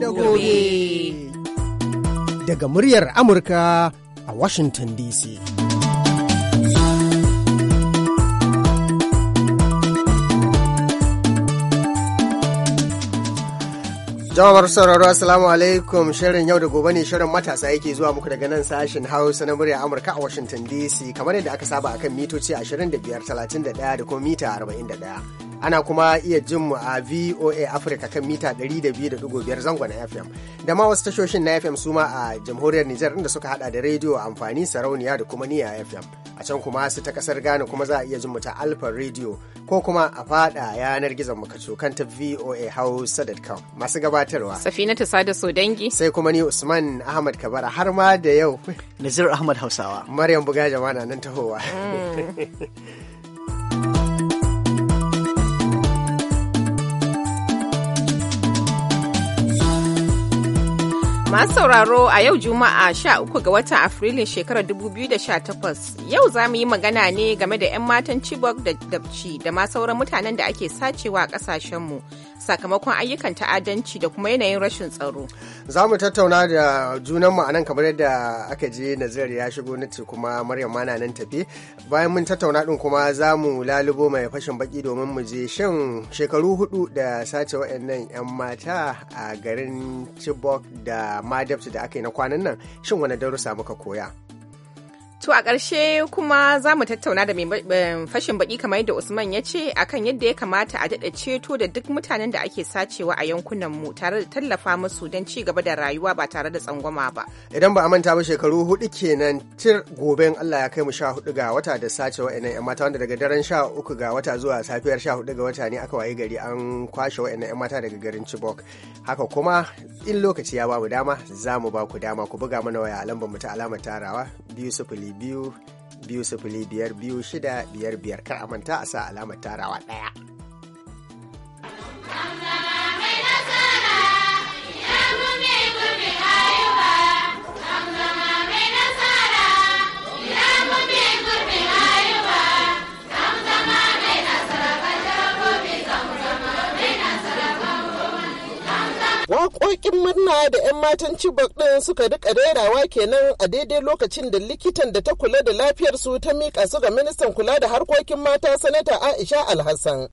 da gobe. Daga muryar Amurka a Washington DC. Jawar sauraro Assalamu alaikum shirin yau da gobe ne shirin matasa yake zuwa muku daga nan sashen Hausa na murya Amurka a Washington DC kamar yadda aka saba akan mitoci 25, 31 da kuma mita 41. ana kuma iya jin mu a VOA Africa kan mita 200.5 zangon FM da ma wasu tashoshin na FM ma a jamhuriyar Nijar inda suka hada da rediyo amfani sarauniya da kuma niya FM a can kuma su ta kasar Ghana kuma za a iya jin mu ta Alpha rediyo ko kuma a fada yanar gizon mu kan ta VOA Hausa.com masu gabatarwa Safinatu Sada dangi. sai kuma ni Usman Ahmad Kabara har ma da yau Nazir Ahmad Hausawa Maryam Buga jama'a nan tahowa mm. Masu sauraro a yau Juma'a 13 ga watan Afrilun shekarar 2018 yau za mu yi magana ne game da 'yan matan Chibok da Dabci da ma sauran mutanen da ake sacewa a ƙasashenmu sakamakon ayyukan ta'addanci da kuma yanayin rashin tsaro. Za mu tattauna da junanmu a nan kamar yadda aka je Nazir ya shigo na ce kuma Maryam mana nan tafi. Bayan mun tattauna ɗin kuma za mu lalubo mai fashin baki domin mu je shan shekaru hudu da sace waɗannan 'yan mata a garin Chibok da amma da aka yi na kwanan nan shin wani darussa muka koya To a ƙarshe kuma za mu tattauna da mai fashin baƙi kamar yadda Usman ya ce akan yadda ya kamata a daɗa ceto da duk mutanen da ake sacewa a yankunanmu tare da tallafa musu don ci gaba da rayuwa ba tare da tsangwama ba. Idan ba a manta ba shekaru hudu kenan tir goben Allah ya kai mu sha hudu ga wata da sace wa'annan 'yan mata wanda daga daren sha uku ga wata zuwa safiyar sha hudu ga wata ne aka waye gari an kwashe wa'annan 'yan mata daga garin Chibok. Haka kuma in lokaci ya ba mu dama za mu ba ku dama ku buga mana waya a lambar mu ta alamar tarawa biyu sifili biyu biyu sifili biyar biyu shida biyar biyar kar a manta a sa alamar tarawa ɗaya. waƙoƙin murna da 'yan matan cibok ɗin suka rika rerawa kenan a daidai lokacin da likitan da ta kula da lafiyar su ta miƙa su ga ministan kula da harkokin mata sanata Aisha Alhassan.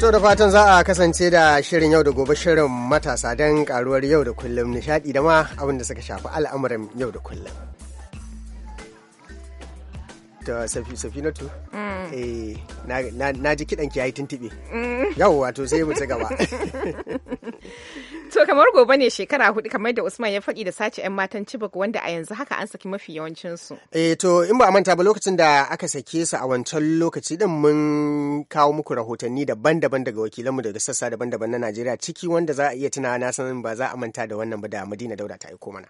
To da fatan za a kasance da shirin yau da gobe shirin matasa don karuwar yau da kullum nishadi da ma abin suka shafi al'amuran yau da kullum. ta safinatu mm. eh na ji kidan ki yayi tuntube mm. yau wato sai mu ci gaba to kamar gobe ne shekara hudu kamar da Usman ya faɗi da sace 'yan matan Chibok wanda a yanzu haka an saki mafi yawancin su. Eh to in ba a manta ba lokacin da aka sake su a wancan lokaci din mun kawo muku rahotanni daban-daban daga wakilanmu daga sassa daban-daban na Najeriya ciki wanda za a iya tunawa na san ba za a manta da wannan ba da Madina Dauda ta aiko mana.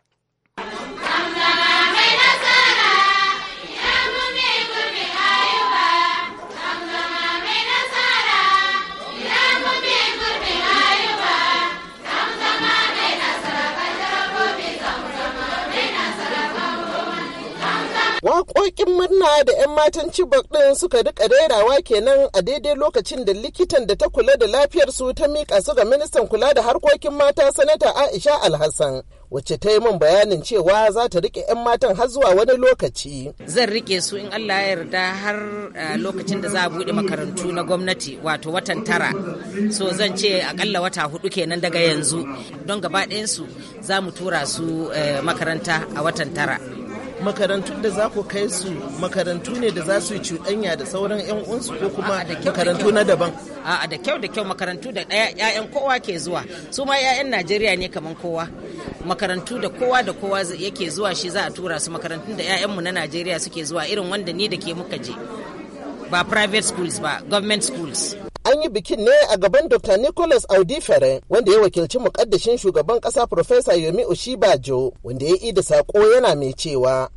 Murna da 'yan matan Chibok ɗin suka rika rerawa kenan a daidai lokacin da likitan da ta kula da lafiyarsu ta miƙa su ga ministan kula da harkokin mata sanata Aisha Alhassan. wacce ta yi min bayanin cewa za ta rike 'yan matan har zuwa wani lokaci. Zan rike su in Allah ya yarda har eh, lokacin da za a buɗe makarantu na gwamnati wato watan tara. So zan ce akalla wata hudu kenan daga yanzu don gaba su za mu tura su eh, makaranta a watan tara. makarantun da za ku kai su makarantu ne da za su yi cuɗanya da sauran 'yan uwansu ko kuma makarantu na daban a'a da kyau da kyau makarantu da ɗaya 'ya'yan kowa ke zuwa su ma 'ya'yan najeriya ne kamar kowa makarantu da kowa da kowa yake zuwa shi za a tura su makarantun da 'ya'yanmu na najeriya suke zuwa irin wanda ni da ke muka je ba private schools ba government schools an yi bikin ne a gaban dr nicholas audi fere wanda ya wakilci mukaddashin shugaban kasa professor yomi oshibajo wanda ya ida sako yana mai cewa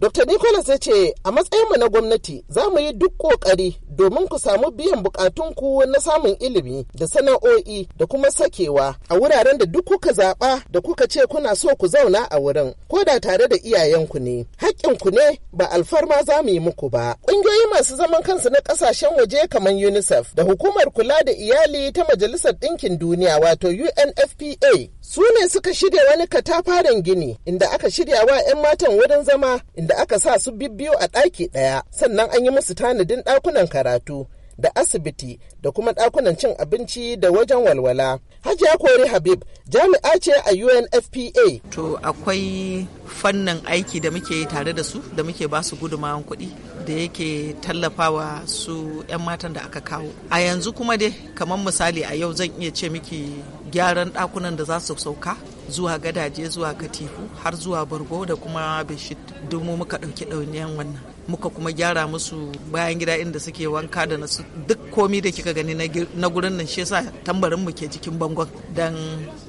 dr nicholas ya ce a matsayinmu na gwamnati za mu yi duk kokari domin ku samu biyan bukatunku na samun ilimi da sana'o'i da kuma sakewa a wuraren da duk kuka zaɓa da kuka ce kuna so ku zauna a wurin ko da tare da iyayenku ne haƙƙinku ne ba alfarma za mu yi muku ba ƙungiyoyi masu zama zaman kansu na kasashen waje kamar UNICEF da hukumar kula da iyali ta Majalisar Ɗinkin Duniya wato UNFPA su ne suka shirya wani katafaren gini inda aka shirya wa 'yan matan wurin zama inda aka sa su bibbiyo a ɗaki ɗaya sannan an yi musu tanadin ɗakunan karatu da asibiti da kuma ɗakunan cin abinci da wajen walwala. Hajiya Kori Habib jami'a ce a UNFPA. To akwai fannin aiki da muke tare da su da muke ba su gudumawan kuɗi da yake tallafawa su 'yan matan da aka kawo. A yanzu kuma dai kamar misali a yau zan iya ce miki gyaran ɗakunan da za su sauka zuwa gadaje zuwa katifu har zuwa bargo da kuma bishit dumo muka ɗauki ɗauniyan wannan. muka kuma gyara musu bayan gida inda suke wanka da nasu duk komi da kika gani na gurin nan shi yasa tambarin mu ke cikin bangon dan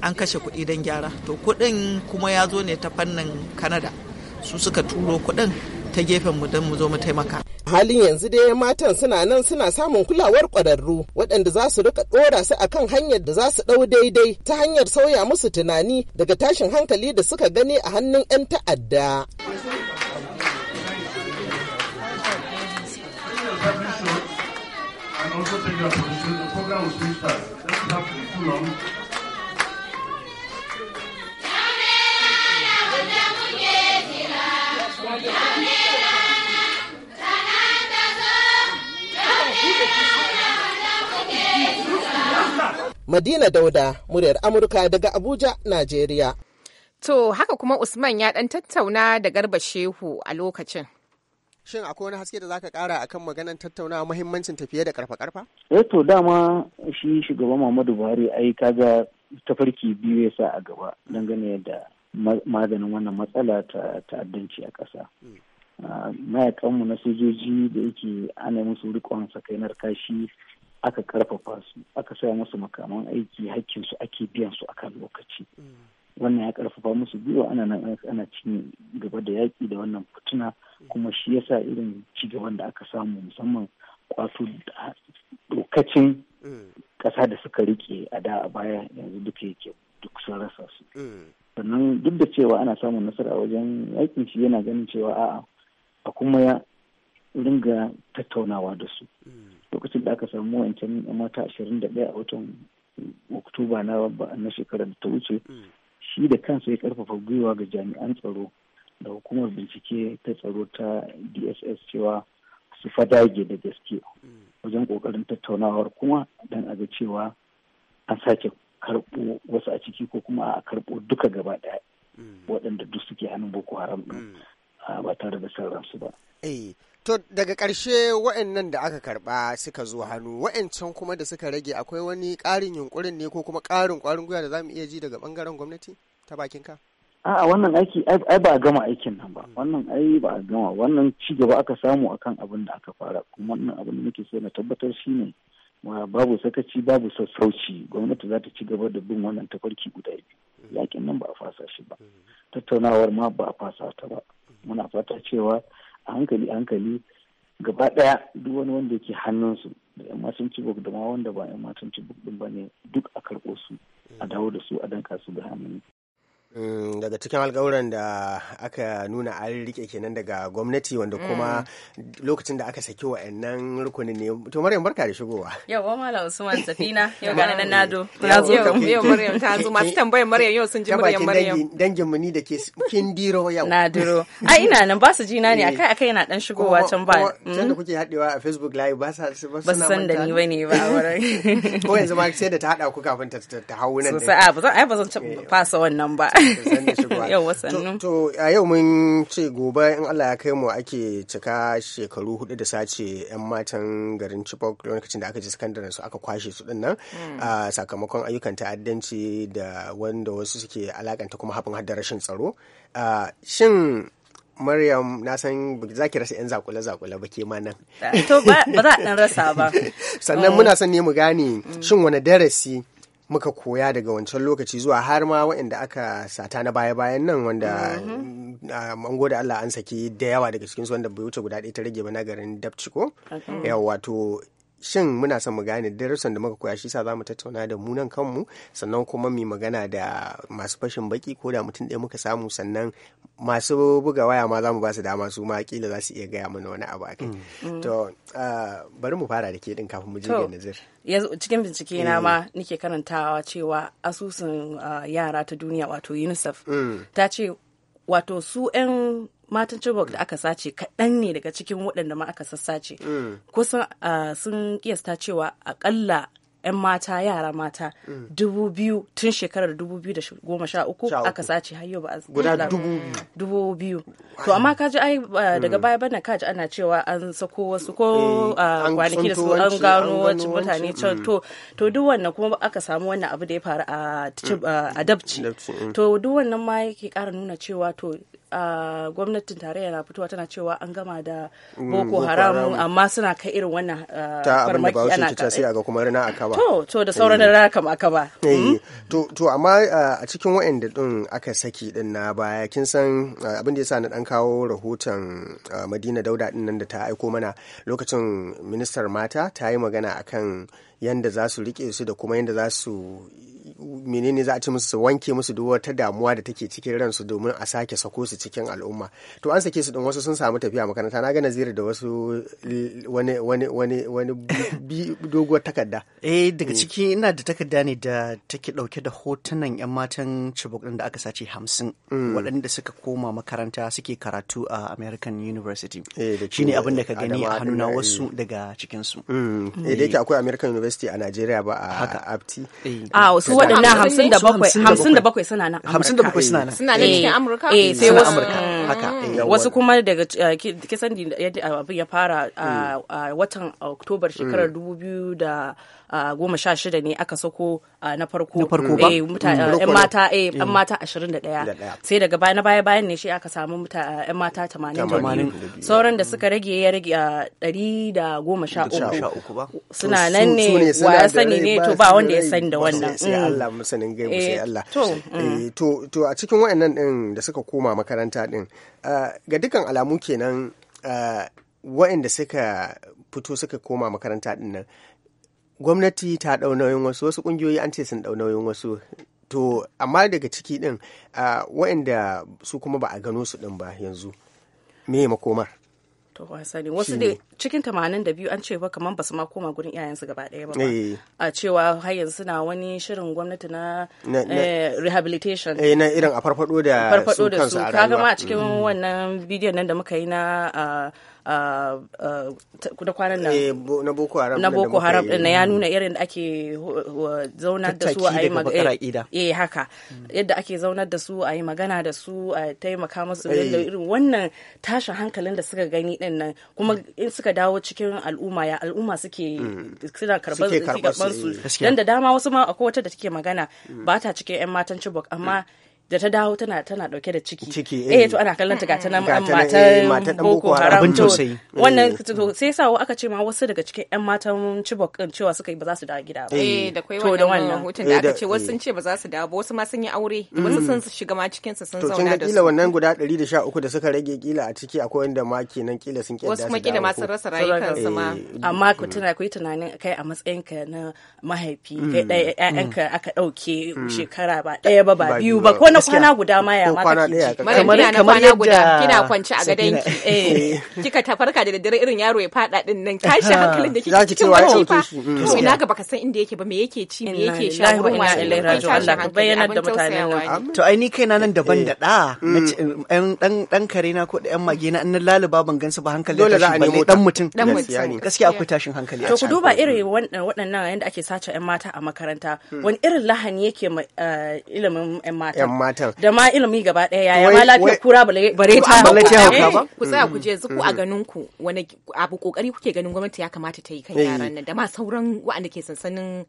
an kashe kuɗi dan gyara to kuɗin kuma ya zo ne ta fannin kanada su suka turo kuɗin ta gefen mu don mu zo mu taimaka. Halin yanzu dai matan suna nan suna samun kulawar kwararru waɗanda za su rika ɗora su akan hanyar da za su ɗau daidai ta hanyar sauya musu tunani daga tashin hankali da suka gani a hannun 'yan ta'adda. and also take your position. The program will soon start. Doesn't have to be too long. Madina Dauda, muryar Amurka daga Abuja, Najeriya. To, haka kuma Usman ya ɗan tattauna da Garba Shehu a lokacin. shin akwai wani haske da za ka kara akan maganar tattaunawa muhimmancin tafiye da karfa karfa eh to dama shi shugaban muhammadu buhari ai kaga tafarki biyu ya sa a gaba dangane da maganin wannan matsala ta ta'addanci a ƙasa hmm. ah, mayakanmu na sojoji da yake ana musu rikon sakainar kashi aka karfafa su aka sa musu makaman aiki hakkin su ake biyan su akan lokaci hmm. wannan ya karfafa musu gwiwa ana nan ana ci gaba da yaƙi da wannan fituna kuma shi yasa irin ci gaban da aka samu musamman da dokacin ƙasa da suka rike a da a baya yanzu duka yake duk sun rasa su sannan duk da cewa ana samun nasara wajen yakin shi yana ganin cewa a'a a kuma ya ringa tattaunawa da su lokacin da aka samu wancan mata ashirin da ɗaya a watan oktoba na na shekarar da ta wuce shi da kansa ya karfafa gwiwa ga jami'an tsaro da hukumar bincike ta tsaro ta dss cewa su fadage da gaske wajen kokarin tattaunawar kuma don a ga cewa an sake karɓo wasu a ciki ko kuma a karbo duka gaba daya waɗanda duk suke hannun boko haram ɗin ba tare da ransu ba. Eh, to daga ƙarshe wa'annan da aka karɓa suka zo hannu wa'ancan kuma da suka rage akwai wani ƙarin yunkurin ne ko kuma ƙarin ƙwarin gwiwa da za mu iya ji daga ɓangaren gwamnati? ta bakin ka a'a wannan aiki ai ba a gama aikin nan ba wannan ai ba a gama wannan ci gaba aka samu akan abin da aka fara kuma wannan abin da nake so na tabbatar shi shine babu sakaci babu sassauci gwamnati za ta ci gaba da bin wannan tafarki guda biyu yakin nan ba a fasa shi ba tattaunawar ma ba a fasa ta ba muna fata cewa a hankali hankali gaba ɗaya duk wani wanda yake hannunsu da yan matan cibok da ma wanda ba yan matan cibok din ba ne duk a karɓo su a dawo da su a danka su ga hannun Mm, daga cikin alkawuran da aka nuna an rike kenan daga gwamnati wanda kuma mm. lokacin da aka saki wa'annan rukunin ne to maryam barka da shigowa ba mala usman safina yau gane nan nado ya zo yau maryam ta zo masu tambayar maryam yau sun ji maryam maryam dangin mu ni da ke kin diro yau na diro a ina nan ba su ji na ne eh. akai akai yana dan shigowa can ba can da mm. kuke hadewa a facebook live ba sa ba su san da ni bane ba ko yanzu ma sai da ta hada ku kafin ta ta hawo nan sai a ba zan eh. fasa wannan ba yau wasannu to a yau mun ce gobe in Allah ya kai mu ake cika shekaru hudu da sace yan matan garin Chibok lokacin da aka ji sakandaren su aka kwashe su din nan hmm. sakamakon ayyukan ta'addanci da wanda wasu suke alakanta kuma haɓin haddar rashin tsaro shin Maryam na san za ki rasa 'yan zakule-zakule ba ke nan. To ba za a ɗan rasa ba. Sannan muna oh. son ne mu gane hmm. shin wani darasi muka koya daga wancan lokaci zuwa har ma waɗanda aka sata na baya-bayan nan wanda mm-hmm. ah, an gode Allah an saki da yawa daga cikinsu wanda bai wuce guda ɗaya ta rage ba na garin Dabciko. Yawa wato shin muna son mu gane darussan da muka koya shi sa zamu tattauna da mu nan kanmu sannan kuma mu magana da masu fashin baki ko da mutum ɗaya muka samu sannan masu buga waya ma zamu ba su dama su ma kila za su iya gaya mana wani abu akai mm. Mm. to ah, bari mu fara da ke din kafin mu je ga nazir yanzu cikin bincike na ma eh. nake karantawa cewa asusun ah, yara ta duniya wato UNICEF mm. ta ce wato su 'yan matan Chibok da aka sace kaɗan ne daga cikin waɗanda ma aka sassace. Mm. Kusan ah, sun kiyasta cewa aƙalla. 'yan mata yara mata dubu biyu tun shekarar dubu biyu da goma sha uku aka sace hayo ba a guda dubu biyu to amma kaji ai hmm. daga baya bana kaji ana cewa an sako wasu ko eh, ah, kwanaki da su an gano wacce mutane can hmm. to to duk wannan kuma aka samu wannan abu da ya faru a hmm. dabci to duk wannan ma yake kara nuna cewa to Uh, gwamnatin tarayya na fitowa tana cewa an gama da boko haram amma suna kai irin wannan farmaki ah, ana ta abin da ba sai a ga kuma rina a kaba to to da sauran eh. da kam aka ba eh, hmm? to amma eh, a cikin waɗanda din aka saki din na baya kin san abin da yasa na dan kawo rahoton Madina Dauda din nan da ta aiko mana lokacin ministar mata ta yi magana akan yanda za su rike su da kuma yanda za su menene za a ce musu su wanke musu duk wata damuwa da take cikin ransu domin a sake sako su cikin al'umma to an sake su din wasu sun samu tafiya makaranta na ga nazira da wasu wani wani wani wani doguwar takarda eh daga mm. ciki ina da takarda ne da take dauke da hotunan yan matan Chibok din da aka sace 50 mm. waɗanda suka koma makaranta suke karatu a American University eh, shine abin da ka gani a hannuna eh. wasu daga cikin su mm. eh da yake akwai American University a nigeria ba a apti a wasu waɗanda nan hamsin da bakwai hamsin da bakwai suna nan hamsin da bakwai suna nan suna nan cikin eh. amurka eh sai wasu amurka mm. haka mm. wasu kuma daga uh, kisan da ya fara a uh, mm. uh, watan oktobar shekarar dubu biyu da goma sha shida ne aka sako na farko yan eh, mm, eh, mata yan eh, mm. mata ashirin da ɗaya sai daga baya na baya bayan ne shi aka samu yan mata tamanin tamanin sauran da mm. suka rage ya rage a ɗari da goma sha uku suna nan ne wa ya sani ne to ba wanda ya sani da wannan sai Allah musanin gai sai Allah to a cikin wayannan din da suka koma makaranta din ga dukkan alamu kenan waɗanda suka fito suka koma makaranta din nan gwamnati ta ɗau nauyin wasu wasu ƙungiyoyi an ce sun ɗau nauyin wasu to amma daga ciki ɗin waɗanda su kuma ba a gano su ɗin ba yanzu me makoma to sani wasu dai cikin tamanin da biyu an ce ba kamar basu ma koma gurin iyayensu gaba daya ba eh. a cewa har yanzu na wani shirin gwamnati na eh, rehabilitation eh na irin a farfado da su kansu a rayuwa kaga ma a cikin mm. wannan bidiyon nan da muka yi na da kwanan nan eh, na boko haram na na ya nuna irin da ake zaunar da su a yi magana eh, eh haka mm. yadda ake zaunar da su a yi magana da su a taimaka musu da eh. irin wannan tashin hankalin da suka gani din nan kuma mm. in suka dawo cikin al'umma ya al'umma suke mm. suna karban su dan da dama wasu ma akwai wata da take magana ba ta cikin yan matan Chibok amma da ta dawo tana tana dauke da ciki ciki eh, eh to ana kallon ta ga ta nan matan eh, boko haram to wannan eh. sai sa aka ce ma wasu daga cikin yan matan chibok din cewa suka yi ba za su dawo gida ba eh da kai wannan hutun da aka ce wasu sun ce ba za su dawo ba wasu ma sun yi aure mm. wasu sun shiga ma cikin su sun zauna da su to kila wannan guda 113 da suka rage kila a ciki akwai wanda ma kenan kila sun kiyar da wasu ma kila ma sun rasa rayukansu ma amma ku mm. tana ku yi tunanin kai a matsayinka na mahaifi kai mm. ɗaya ƴaƴanka aka ɗauke shekara ba ɗaya ba ba biyu ba ko kwana kwana guda ma ya ma kici mara na kwana guda kina kwanci a gadon ki eh. eh kika ta farka da daddare irin yaro ya fada din nan tashi hankalin da kike cikin wani fa hmm. to ina ga baka san inda yake ba me yake ci me yake sha ko ina ilai rajo Allah ka bayyana da mutane nan to ai ni kaina nan daban da da eh. hmm. ɗan dan dan kare na ko da yan mage na annan laluba ban gansu ba hankali dole za a nemo dan mutum gaskiya akwai tashin hankali to ku duba irin waɗannan yanda ake sace yan mata a makaranta hmm. wani irin lahani yake eh, ilimin yan mata matar. da ma ilimi gaba ɗaya yaya ma lafiyar kura bare ta ba eh, ku tsaya ku je mm, zuku mm, a mm. ganin ku wani abu kokari kuke ganin gwamnati ya kamata ta yi kan eh. yaran nan da ma sauran waɗanda ke sansanin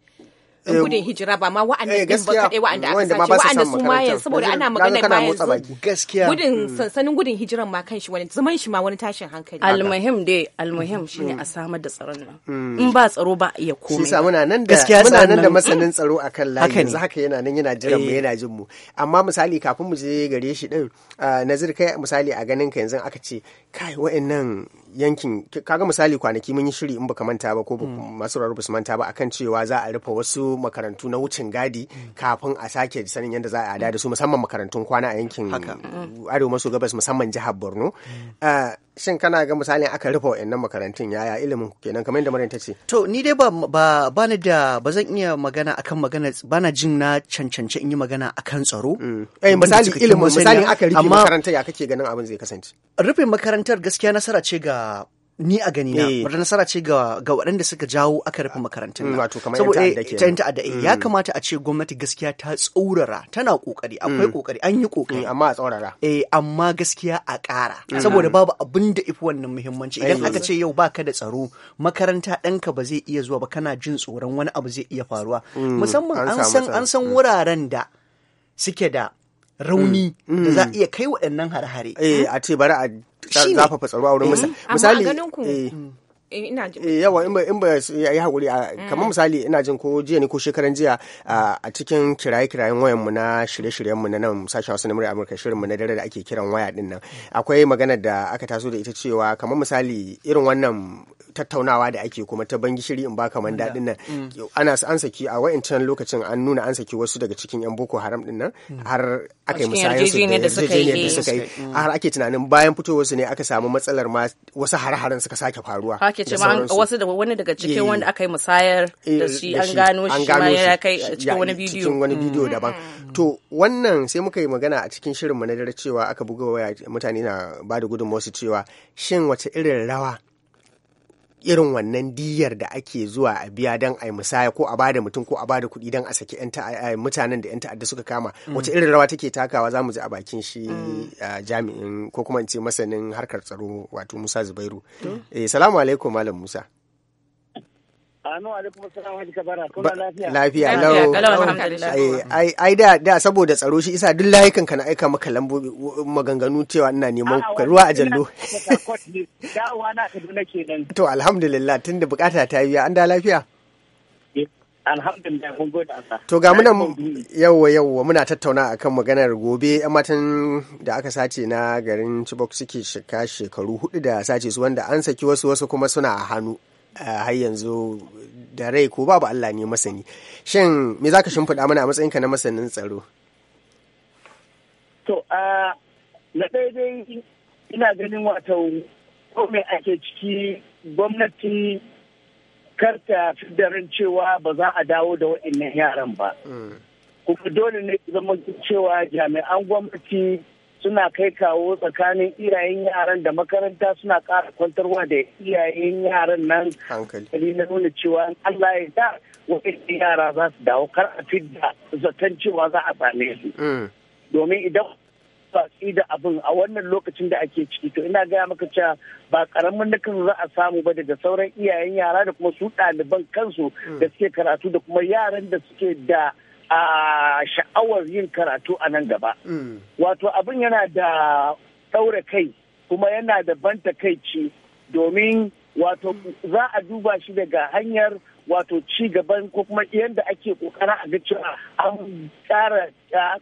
Eh, gudun hijira ba ma wa'annan eh, ɗin ba kaɗai wa'anda aka sace wa'anda su ma yanzu saboda ana magana ma yanzu gaskiya gudun hmm. sansanin gudun hijiran ma kanshi wani zaman shi ma wani tashin hankali almuhim dai almuhim hmm. hmm. shine a samar da tsaron nan in ba tsaro ba iya komai sisa muna nan da muna nan da masanin tsaro akan layi yanzu haka yana nan yana jiran mu eh. yana jin mu amma misali kafin mu je gare shi din ah, nazir kai misali a ganin ka yanzu aka ce kai wa'annan yankin kaga misali kwanaki mun yi shiri in baka manta ba ko mm. masu rarrabu su manta ba akan cewa za a rufe wasu makarantu na wucin gadi mm. kafin a sake sanin yadda za a da su musamman makarantun kwana a yankin mm. arewa maso gabas musamman jihar borno ah, shin kana ga misali aka rufe wa'annan makarantun yaya ilimin kenan kamar yadda Maryam ta ce to ni dai ba ba da ba zan iya magana akan magana ba na jin na cancance in yi magana akan tsaro mm. eh misali ilimin misali aka rufe makarantar ya kake ganin abin zai kasance rufe makarantar gaskiya nasara ce ga ni a gani na eh. wata nasara ce ga ga waɗanda suka jawo aka rufe ah. makarantun mm, nan wato kamar eh, ya mm. kamata a ce gwamnati gaskiya ta tsaurara tana kokari akwai kokari mm. an yi kokari amma a tsaurara eh amma gaskiya a ƙara saboda babu abin da ifi wannan muhimmanci idan aka ce yau baka da tsaro makaranta ɗanka ba zai iya zuwa ba kana jin tsoron wani abu zai iya faruwa musamman an san wuraren da suke da rauni mm. Mm. da za a iya kai waɗannan hare-hare. Eh a ce bari a zafafa tsaro a wurin eh, misali. Eh. Mm. Eh, ina jin yawa in ba yi a kamar misali ina jin ko jiya ne ko shekaran jiya a cikin kiraye kirayen wayan mu na shirye-shiryen mu na nan sashen wasu namurai Amurka shirin mu na dare da ake kiran waya din nan akwai magana da aka taso da ita cewa kamar misali irin wannan tattaunawa da ake kuma ta bangi shiri in baka man daɗin nan mm. ana an saki a wa'incan lokacin an nuna an saki wasu daga cikin yan boko haram din nan mm. har aka yi musayen su da suka yi mm. har ake tunanin bayan fitowar su ne aka samu matsalar ma wasu har-haren suka sake faruwa ake ce wasu da wani daga cikin wanda aka yi musayar eh, da shi an gano shi ma ya kai cikin wani bidiyo cikin wani bidiyo daban to wannan sai muka yi magana a cikin shirin mu na dare cewa aka buga waya mutane na ba da su cewa shin wace irin rawa irin wannan diyar da ake zuwa a biya don a yi musaya ko a bada mutum ko a ba da kuɗi don a saki eh, mutanen da 'yan ta'adda suka kama mm. wace irin rawa take takawa za mu ji a bakin shi mm. eh, jami'in ko kuma in ce masanin harkar tsaro wato musa zubairu eh, salamu alaikum malam musa lafiya? lau. Ai ai da da saboda tsaro shi isa duk layukan ka na aika maka lambobi maganganu cewa ina neman ka ruwa a jallo. To alhamdulillah tunda bukata ta biya an da lafiya. Eh, to ga muna yawwa yawwa muna tattauna akan maganar gobe yan matan da aka sace na garin Chibok suke shika shekaru hudu da sace su wanda an saki wasu wasu kuma suna a hannu. har yanzu da rai ko babu Allah ne masani shin me za zaka shimfiɗa mana a matsayinka na masanin tsaro to a na ɗaya dai ina ganin wato ko ake ciki gwamnati karta fidarin cewa ba za a dawo da waɗannan yaran ba hmm. kuma dole ne zama cewa jami'an gwamnati suna kai kawo tsakanin iyayen yaran da makaranta suna kara kwantarwa da iyayen yaran nan hankali na nuna cewa Allah ya da wa'in yara za su dawo kar a fidda zaton cewa za a same su mm. domin idan watsi da abin a wannan lokacin da ake ciki to ina gaya maka cewa ba karamin nakan za a samu ba daga sauran iyayen yara da kuma su ɗaliban kansu mm. da suke karatu da kuma yaran da suke da a sha'awar yin karatu a nan gaba. Hmm. Wato abin yana da ɗaure kai kuma yana da banta kai ce domin wato za a duba shi daga hanyar wato ci gaban ko kuma yadda ake kokara a ga cewa an tsara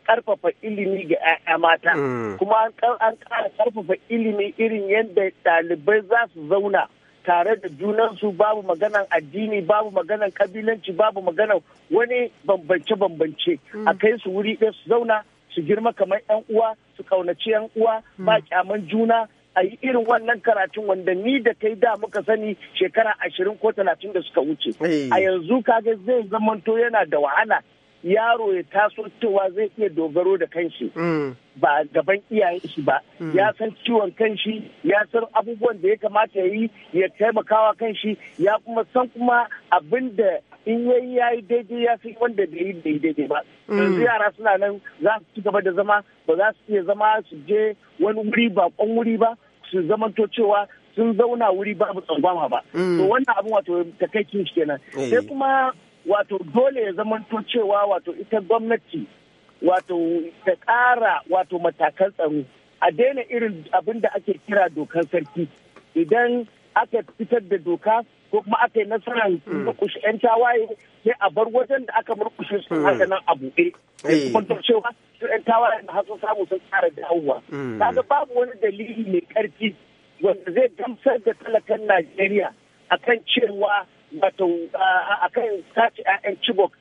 karfafa ilimi ga 'ya'ya mata hmm. kuma an ƙara karfafa ilimi irin yadda ɗalibai za su zauna tare da junansu babu maganan addini babu maganan kabilanci babu maganan wani bambance-bambance a kai su wuri ɗaya su zauna su girma kamar 'yan uwa su kaunaci 'yan uwa ba kyaman juna a yi irin wannan karatun wanda ni da kai da muka sani shekara ashirin ko talatin da suka wuce eh. a yanzu kaga zai zamanto yana da wahala yaro ya taso cewa zai iya dogaro da kanshi mm. ba gaban iyayen shi ba mm. ya san ciwon kanshi ya san abubuwan da ya kamata ya yi ya taimakawa kanshi ya kuma san kuma abin da in ya yi ya yi daidai ya fi wanda da yi daidai ba mm. yanzu yara suna nan za su ci gaba da zama ba za su iya zama su je wani wuri ba wuri ba su zamanto cewa sun zauna wuri babu tsangwama ba to wannan abin wato takaicin shi kenan eh. sai kuma wato dole ya zamanto cewa wato ita gwamnati wato ta ƙara wato matakan tsaro a daina irin abin da ake kira dokar sarki idan aka fitar da doka ko kuma aka yi nasarar hmm. murkushe 'yan tawaye sai a bar wajen da aka murkushe su hmm. haka nan a buɗe kuma cewa su 'yan tawaye da hasu samu sun ƙara dawowa hmm. kaga babu wani dalili mai ƙarfi wanda zai gamsar da talakan najeriya akan cewa wato a kan sace 'ya'yan cibok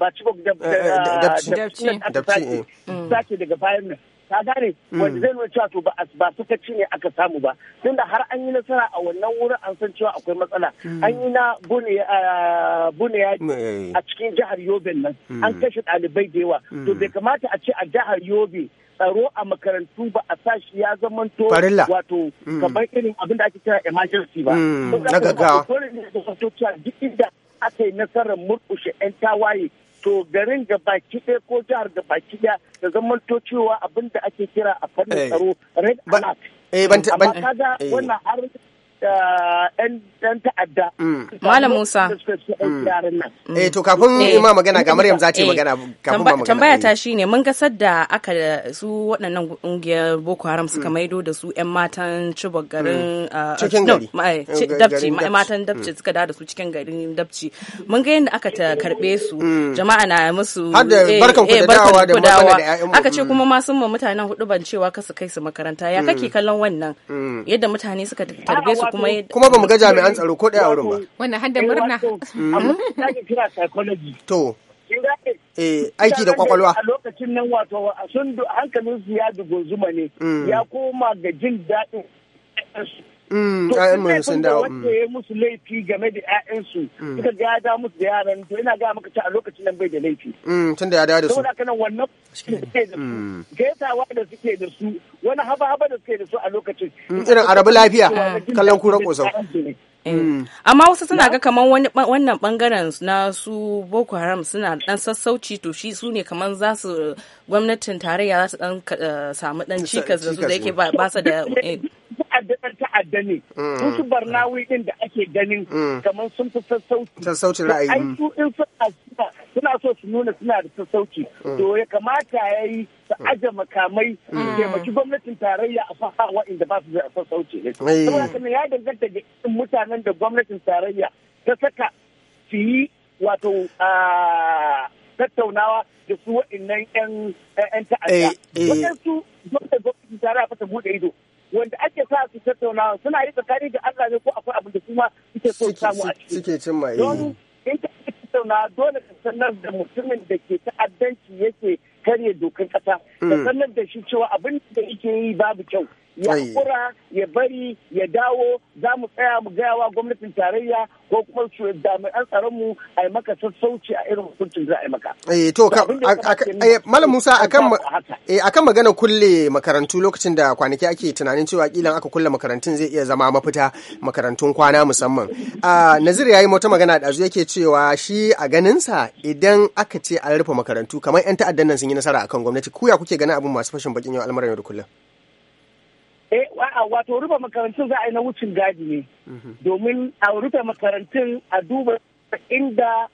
ba cibok da eh, eh, dabci eh. sace daga bayan nan ta gane mm. wanda zai nuna cewa to ba su ci ne aka samu ba tunda har an yi nasara a wannan wurin an san cewa akwai matsala mm. an yi na bune a mm, cikin jihar yobe nan an kashe ɗalibai da yawa to bai kamata a ce a jihar yobe tsaro a makarantu ba a sashi ya zama zamanto wato mm. kamar irin abin da ake kira emergency ba. Mm. Na gaggawa. Duk inda aka yi nasarar murkushe 'yan tawaye to garin ga baki ɗaya ko jihar ga baki ɗaya da zamanto cewa abin da ake kira a fannin eh. tsaro red alert. Eh, amma kaga eh. wannan har 'yan ta'adda. Mm. Malam Musa. Mm. Eh to kafin ima eh. magana ga Maryam za ta yi eh. magana kafin ma magana. Tambaya ta mm. ne mun ga sadda aka su waɗannan ƙungiyar Boko Haram suka maido da su 'yan matan Chibok garin cikin gari. Dabci matan Dabci suka da su cikin garin Dabci. Mun ga yadda aka ta karɓe su jama'a na musu eh, barkan ku da kudawa. Aka ce kuma ma sun ma mutanen hudu ban cewa kasu kai su makaranta ya kake kallon wannan yadda mutane suka tarbe su Eh, kuma ba mu ga jami'an tsaro ko ɗaya a wurin ba wannan hadda murna eh, mm. kira to Eh, aiki da kwakwalwa. A lokacin nan wato sun hankalin su ya dugunzuma ne, mm. ya koma ga jin daɗin Mm, to sun da wanda mm. ya musu laifi game da 'ya'yansu mm. suka ga ya da musu da yaran to ina gaya maka ta a lokacin nan bai da laifi. Tun da ya da su. Saboda kanan wannan gaisawa da suke da su wani haba-haba da suke da su a lokacin. Irin arabu lafiya kallon kuran kosau. Eh, amma wasu suna ga kamar wannan bangaren na su boko haram suna dan sassauci to shi su ne kamar za su gwamnatin tarayya za su dan eh, samu dan cikas da su da yake ba su da eh, ta'adda ta'adda ne mm. sun su barnawi din da ake ganin mm. kamar sun fi sassauci sassauci ra'ayi ai mm. su in suna suna so su nuna suna da sassauci to ya kamata yayi su aje makamai maki gwamnatin tarayya a faha wa'inda ba su da sassauci ne saboda ya danganta da mutanen da gwamnatin tarayya ta saka su yi wato tattaunawa da su wa'innan 'yan ta'adda. Eh, eh. Wajen su, dole gwamnatin tarayya fata bude ido. wanda ake sa su tattaunawa suna yi tsakani da Allah ne ko akwai abin da kuma suke so samu a ciki suke cin mai eh. don in ka tattauna dole ka sanar da mutumin da ke ta'addanci yake karye dokar kasa ka mm. sanar da shi cewa abin da yake yi babu kyau ya kura ya bari ya dawo za mu tsaya mu gayawa gwamnatin tarayya ko kuma su jami'an tsaronmu a yi maka sassauci a irin hukuncin za a yi maka. Eh to eh, Malam Musa akan eh, magana kulle makarantu lokacin da kwanaki ake tunanin cewa kilan aka kulle makarantun zai iya zama mafita makarantun kwana musamman. Ah, Nazir yi mota magana da yake cewa shi a ganin sa idan aka ce an rufe makarantu kamar 'yan ta'addan nan sun yi nasara akan gwamnati kuya kuke ganin abin masu fashin bakin yau al'amuran yau da kullum. Eh, wato rufe makarantun za a yi na wucin gadi ne, mhm. domin a rufe makarantun a duba inda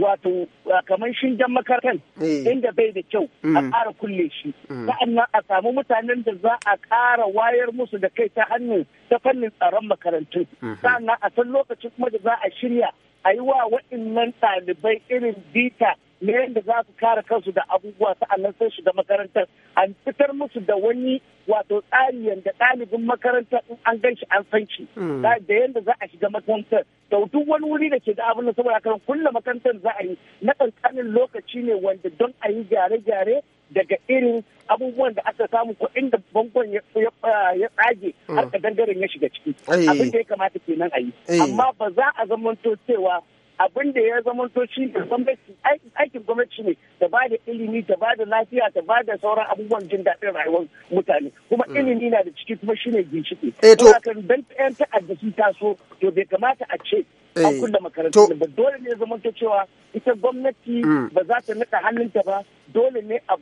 wato kamar shingen makarantar eh. inda bai da kyau a mm. ƙara kulle shi. Mm. Sa'annan a samu mutanen da za a ƙara wayar musu da kai ta hannun ta fannin tsaron makarantun. Mhm. Sa'annan a san lokacin kuma da za a shirya a yi wa waɗannan ɗalibai irin bita ne yadda za su kare kansu da abubuwa sa'annan sun shiga makarantar an fitar musu da wani wato tsari yadda ɗalibin makarantar in an gan shi an san shi hmm. da yadda za a shiga makarantar da duk wani wuri da ke da abin da saboda kan kulle makarantar za a yi na ƙanƙanin lokaci ne wanda don a yi gyare-gyare daga irin abubuwan da aka samu ko inda bangon ya tsage hmm. har ka dangaren ya shiga ciki abin da ya kamata kenan a yi amma ba za a zamanto cewa abin da ya zama to shi ne gwamnati aikin gwamnati ne ta ba da ilimi ta ba da lafiya ta ba da sauran abubuwan jin daɗin rayuwar mutane kuma hmm. ilimi na da ciki kuma shi ne ginshiki. Eh to. Dan ta'adda su taso to bai kamata a ce a eh, kulle makarantu ba dole ne zama ta cewa ita gwamnati hmm. ba za ta naɗa hannunta ba dole ne a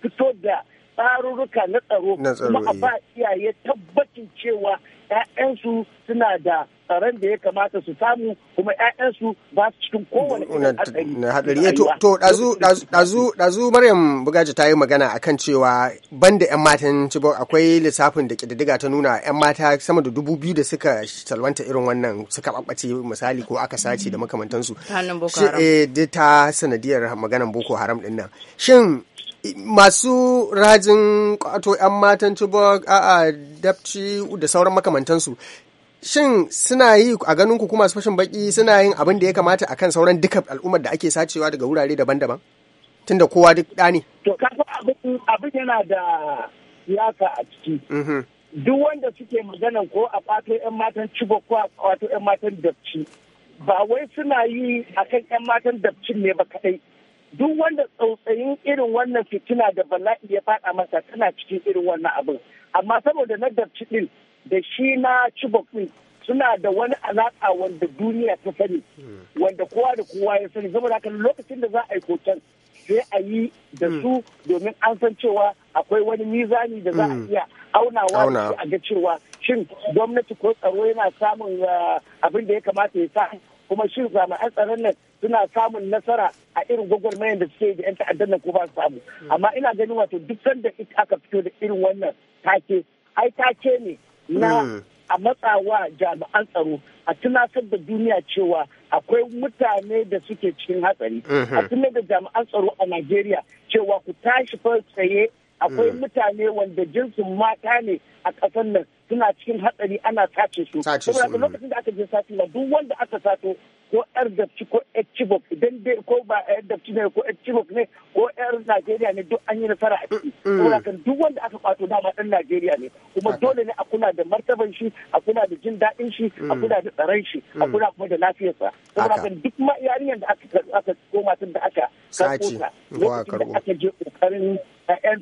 fito da tsarurruka na tsaro kuma a eh. ba iyaye tabbacin cewa 'ya'yansu suna da tsaron da ya kamata su samu kuma 'ya'yansu ba su cikin kowane hatsari. Eh, to, ɗazu Maryam Bugaji ta yi magana a kan cewa banda 'yan matan Cibok akwai lissafin da ƙididdiga ta nuna 'yan mata sama da dubu biyu da suka salwanta irin wannan suka ɓaɓɓace misali ko aka sace da makamantansu. Eh, ta sanadiyar maganan Boko Haram ɗin nan. Shin masu rajin kwato 'yan matan Chibok a dapci da sauran makamantansu shin suna yi a ganin ku kuma su fashin baki suna yin abin da ya kamata akan sauran duka al'ummar da ake sacewa daga wurare daban-daban tunda kowa duk ɗa to kafa abin yana da siyasa a ciki mm-hmm. duk wanda suke magana ko a kwato 'yan matan Chibok ko a kwato 'yan matan dapci ba wai suna yi akan 'yan matan dapcin ne ba kadai duk wanda tsautsayin irin wannan fitina da bala'i ya faɗa masa tana cikin irin wannan abin amma saboda na dabci din da shi na chibok suna da wani alaƙa wanda duniya ta sani wanda kowa da kowa ya sani zama haka lokacin da za a yi hoton sai a yi da su hmm. domin an san cewa akwai wani mizani da za a hmm. iya aunawa a ga cewa shin gwamnati ko tsaro yana samun eh, abin da ya kamata ya sa kuma shin jami'an tsaron nan suna samun nasara a irin gwagwarmayar da suke da 'yan ta'addan nan ko ba su samu hmm. amma ina ganin wato duk sanda ita aka fito da irin wannan take ai take ne na hmm. a matsawa jami'an tsaro a tunasar da duniya cewa akwai mutane da suke cikin hatsari a hmm. tunar da jami'an tsaro a najeriya cewa ku tashi fa tsaye akwai mutane wanda jinsin mata ne a ƙasar nan suna cikin hatsari ana tace su saboda lokacin da aka je sati na duk wanda aka sato ko yar dafci ko yar chibok idan dai ko ba yar dafci ne ko yar cibok ne ko yar najeriya ne duk an yi nasara a ciki saboda kan duk wanda aka kwato dama dan najeriya ne kuma dole ne a kula da martaban shi a kula da jin daɗin shi a mm. kula da tsaron shi a mm. kula kuma da lafiyarsa saboda kan duk ma yarinyar da aka aka koma tun da aka karɓo lokacin da aka je ƙoƙarin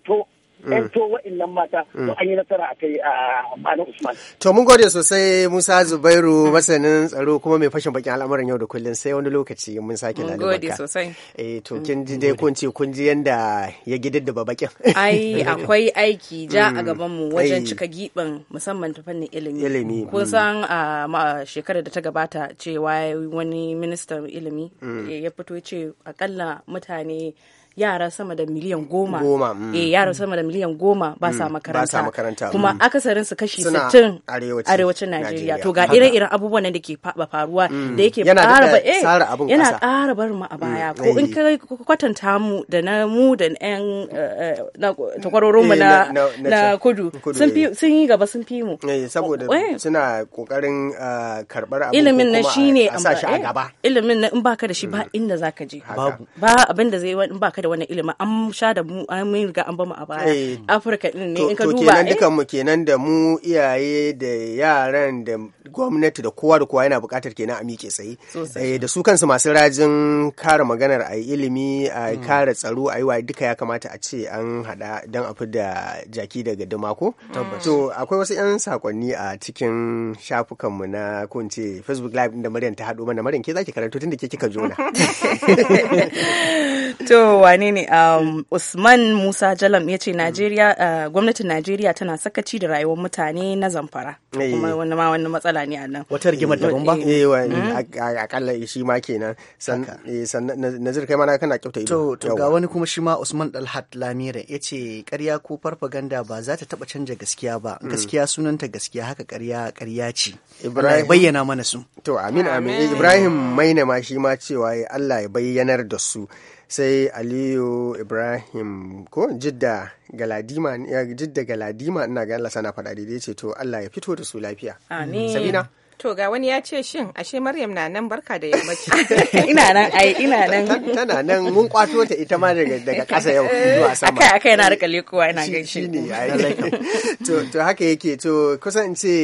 to. 'yanto mm. wa'annan mata to mm. an yi nasara a kai a Malam Usman. To mun gode sosai Musa Zubairu masanin tsaro kuma mai fashin bakin al'amuran yau da kullum sai wani lokaci mun sake lalubaka. Mun gode sosai. Eh to mm. kin ji dai kun ce kun ji yanda ya gididdaba bakin. Ai akwai aiki ja a gaban mu wajen cika giɓin musamman ta fannin ilimi. Ilimi. Kun san a shekarar da ta gabata cewa wani ministan ilimi ya fito ce akalla mutane yara sama da miliyan goma, goma mm. eh yara sama da miliyan goma ba sa mm, makaranta, makaranta kuma mm. akasarin su kashi 60 arewacin Najeriya to ga ire-iren abubuwan nan da ke faruwa mm. da yake fara ba eh yana ƙara bar mu a mm, baya ko in ka kwatanta mu da na mu da yan eh, eh, takwarorin mu na kudu sun yi gaba sun fi mu eh, saboda suna kokarin karbar abu ilimin na shine a gaba ilimin na in baka da shi ba inda zaka je ba abin da zai in baka da wani ilimi an sha da mu an mun riga an bamu a baya eh. afirka din ne in ka duba kenan eh. dukan mu kenan da mu iyaye da yaran da gwamnati da kowa da kowa yana buƙatar kenan a miƙe tsaye eh, da su kansu masu rajin kare maganar a ilimi a mm. kare tsaro a yi wa duka ya kamata a ce an haɗa don a fi da jaki daga dama ko to akwai wasu 'yan sakonni a cikin shafukanmu na ko in ce facebook live da maryam ta haɗo mana maryam ke zaki karanto tun da ke kika jona to wane ne um, usman musa jalam ya ce mm. najeriya uh, gwamnatin najeriya tana sakaci da rayuwar mutane na zamfara eh. kuma wani ma wani matsala ne a nan wata rigimar daban ba eh, eh, eh mm. akalla shi ma kenan sannan nazir kai mana kana kyauta ido to ga wani kuma shi ma usman dalhat lamira ya ce karya ko farfaganda ba za ta taba canja gaskiya ba mm. gaskiya sunanta gaskiya haka karya karya ce ibrahim bayyana mana su to amin amin ibrahim maina ma shi ma cewa Allah ya bayyanar da su sai aliyu ibrahim ko eh, jidda galadima ina ga Allah sana faɗa daidai ce to Allah ya fito da su lafiya amin sabina To ga wani ya ce shin ashe Maryam na nan barka da yammaci. ina nan ai ina nan. Tana nan mun kwato ta ita ma daga daga kasa yau eh, zuwa sama. Akai akai na rika lekuwa ina gaishe. Shi ai. To to haka yake to kusan ce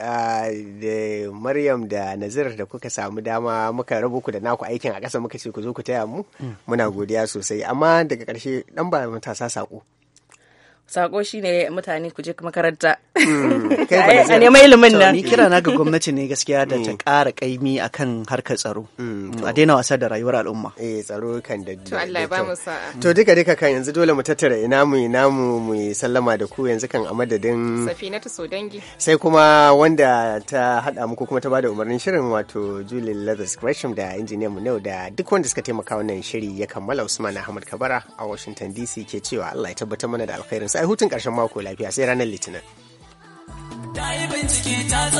ah, da Maryam da Nazir da kuka samu dama muka rabu ku da naku aikin a kasa muka ce ku zo ku taya mu. Mm. Muna godiya sosai amma daga ƙarshe dan ba matasa sako. sako shi ne mutane ku je makaranta hmm, a nema ilimin nan ni kira na ga gwamnati ne gaskiya da ta hmm. ƙara kaimi akan harkar tsaro hmm, a daina wasa da rayuwar al'umma eh tsaro kan da to Allah ya ba mu sa'a to duka duka kan yanzu dole mu tattara ina mu ina mu mu sallama da ku yanzu kan a madadin safinatu sodangi sai kuma wanda ta hada muku kuma ta bada umarnin shirin wato Julie Lazarus Gresham da injiniya mu Nau da duk wanda suka taimaka wannan shiri ya kammala Usman Ahmad Kabara a Washington DC ke cewa Allah ya tabbatar mana da alkhairin sai hutun ƙarshen mako lafiya sai ranar litinin. ta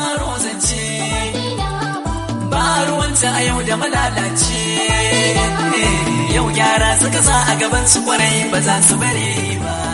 ba yau da malalace. Eh, yau gyara suka sa a gaban su kwarai ba za su bari ba.